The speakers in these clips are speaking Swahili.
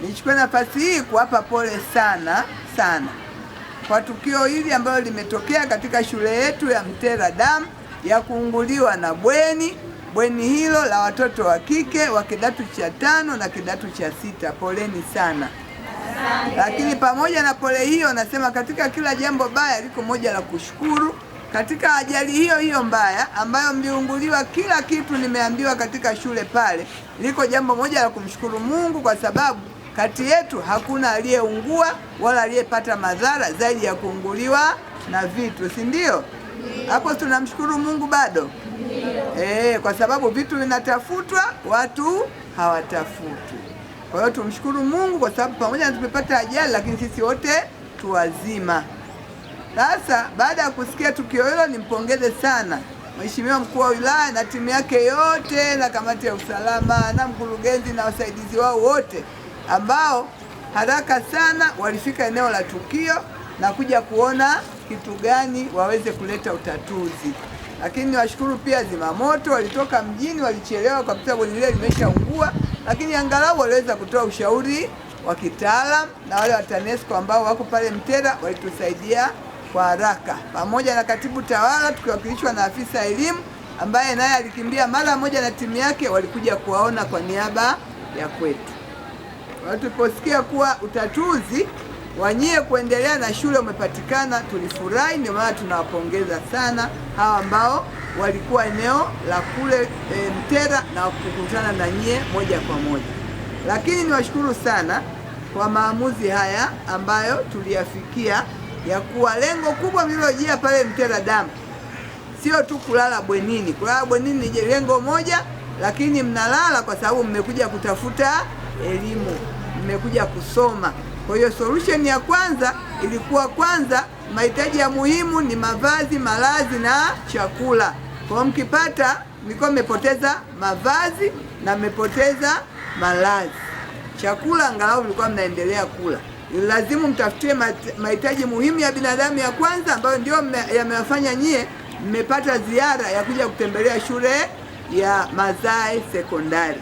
Nichukue nafasi hii kuwapa pole sana sana kwa tukio hili ambalo limetokea katika shule yetu ya Mtera Dam ya kuunguliwa na bweni bweni hilo la watoto wa kike wa kidato cha tano na kidato cha sita. Poleni sana. Lakini pamoja na pole hiyo, nasema katika kila jambo baya liko moja la kushukuru. Katika ajali hiyo hiyo mbaya ambayo mliunguliwa kila kitu, nimeambiwa katika shule pale, liko jambo moja la kumshukuru Mungu kwa sababu kati yetu hakuna aliyeungua wala aliyepata madhara zaidi ya kuunguliwa na vitu, si ndio? Hapo tunamshukuru Mungu bado e, kwa sababu vitu vinatafutwa, watu hawatafuti. Kwa hiyo tumshukuru Mungu kwa sababu pamoja na tumepata ajali, lakini sisi wote tuwazima. Sasa baada ya kusikia tukio hilo, nimpongeze sana Mheshimiwa mkuu wa wilaya na timu yake yote na kamati ya usalama na mkurugenzi na wasaidizi wao wote ambao haraka sana walifika eneo la tukio na kuja kuona kitu gani waweze kuleta utatuzi. Lakini niwashukuru pia zimamoto, walitoka mjini, walichelewa kwa sababu lile limeshaungua, lakini angalau waliweza kutoa ushauri wa kitaalam, na wale wa TANESCO ambao wako pale Mtera walitusaidia kwa haraka, pamoja na katibu tawala tukiwakilishwa na afisa elimu ambaye naye alikimbia mara moja na timu yake, walikuja kuwaona kwa niaba ya kwetu tuliposikia kuwa utatuzi wanyie kuendelea na shule umepatikana, tulifurahi. Ndio maana tunawapongeza sana hawa ambao walikuwa eneo la kule e, Mtera na kukutana na nyie moja kwa moja. Lakini niwashukuru sana kwa maamuzi haya ambayo tuliyafikia ya kuwa lengo kubwa mlilojia pale Mtera damu sio tu kulala bwenini. Kulala bwenini ni lengo moja, lakini mnalala kwa sababu mmekuja kutafuta elimu, mmekuja kusoma. Kwa hiyo solution ya kwanza ilikuwa kwanza mahitaji ya muhimu ni mavazi, malazi na chakula. Kwa mkipata, nilikuwa mmepoteza mavazi na mmepoteza malazi, chakula angalau mlikuwa mnaendelea kula Lazimu mtafutie mahitaji muhimu ya binadamu ya kwanza ambayo ndio yamewafanya nyie mmepata ziara ya kuja kutembelea shule ya Mazae Sekondari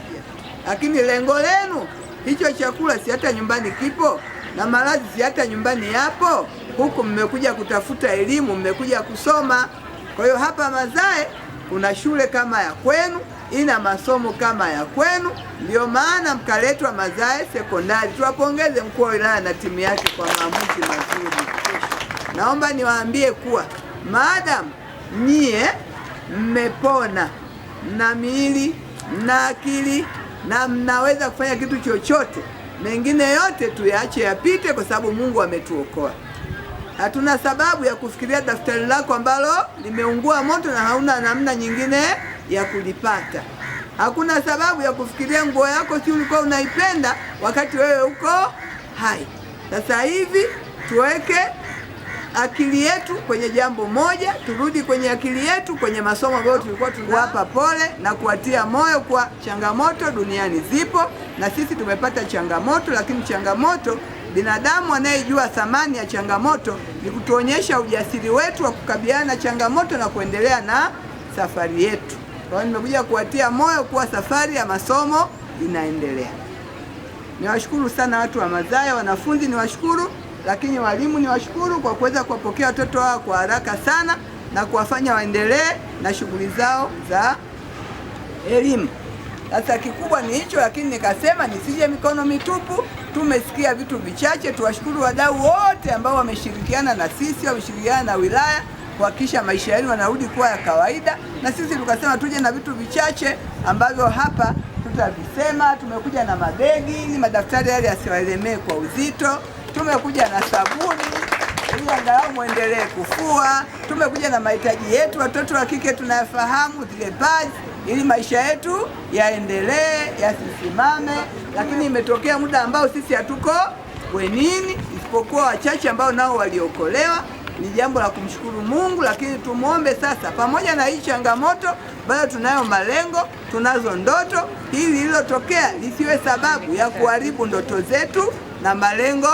lakini lengo lenu hicho chakula si hata nyumbani kipo, na maradhi si hata nyumbani yapo. Huku mmekuja kutafuta elimu, mmekuja kusoma. Kwa hiyo hapa Mazae kuna shule kama ya kwenu, ina masomo kama ya kwenu, ndiyo maana mkaletwa Mazae Sekondari. Tuwapongeze mkuu wa wilaya na timu yake kwa maamuzi mazuri. Naomba niwaambie kuwa maadamu nyie mmepona na miili na akili na mnaweza kufanya kitu chochote. Mengine yote tuyaache yapite, kwa sababu Mungu ametuokoa. Hatuna sababu ya kufikiria daftari lako ambalo limeungua moto na hauna namna nyingine ya kulipata. Hakuna sababu ya kufikiria nguo yako, si ulikuwa unaipenda wakati wewe uko hai. Sasa hivi tuweke akili yetu kwenye jambo moja, turudi kwenye akili yetu kwenye masomo ambayo tulikuwa tunawapa pole na kuwatia moyo kwa changamoto duniani zipo, na sisi tumepata changamoto, lakini changamoto binadamu anayejua thamani ya changamoto ni kutuonyesha ujasiri wetu wa kukabiliana na changamoto na kuendelea na safari yetu. Kwa hiyo nimekuja kuwatia moyo kuwa safari ya masomo inaendelea. Niwashukuru sana watu wa Mazaya, wanafunzi niwashukuru lakini walimu ni washukuru kwa kuweza kuwapokea watoto wao kwa haraka sana na kuwafanya waendelee na shughuli zao za elimu. Sasa kikubwa ni hicho, lakini nikasema nisije mikono mitupu. Tumesikia vitu vichache. Tuwashukuru wadau wote ambao wameshirikiana na sisi, wameshirikiana na wilaya kuhakikisha maisha yenu yanarudi kuwa ya kawaida, na sisi tukasema tuje na vitu vichache ambavyo hapa tutavisema. Tumekuja na mabegi, ni madaftari yale yasiwaelemee kwa uzito tumekuja na sabuni ili angalau muendelee kufua. Tumekuja na mahitaji yetu, watoto wa kike tunayafahamu zile pads, ili maisha yetu yaendelee yasisimame. Lakini imetokea muda ambao sisi hatuko wenini isipokuwa wachache ambao nao waliokolewa. Ni jambo la kumshukuru Mungu, lakini tumwombe sasa, pamoja na hii changamoto, bado tunayo malengo, tunazo ndoto. Hili lililotokea lisiwe sababu ya kuharibu ndoto zetu na malengo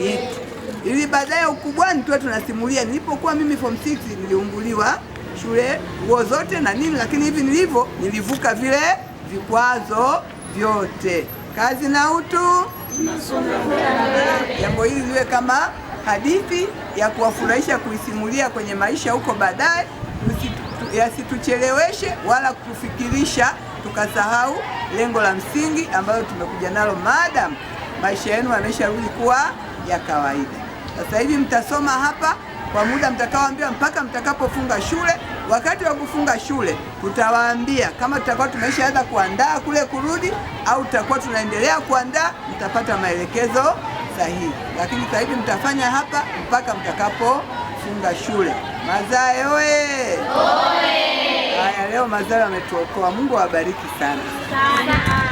yetu, ili baadaye ukubwani tuwe tunasimulia. Nilipokuwa mimi form 6 niliunguliwa shule, nguo zote na nini, lakini hivi nilivyo, nilivuka vile vikwazo vyote. Kazi na utu, jambo hili liwe kama hadithi ya kuwafurahisha kuisimulia kwenye maisha huko baadaye, yasitucheleweshe wala kutufikirisha tukasahau lengo la msingi ambalo tumekuja nalo madam maisha yenu yamesharudi kuwa ya kawaida. Sasa hivi mtasoma hapa kwa muda mtakaoambiwa mpaka mtakapofunga shule. Wakati wa kufunga shule tutawaambia kama tutakuwa tumeshaanza kuandaa kule kurudi au tutakuwa tunaendelea kuandaa, mtapata maelekezo sahihi. Lakini sasa hivi mtafanya hapa mpaka mtakapofunga shule. Mazae oye! Haya, leo mazae wametuokoa Mungu awabariki sana sana.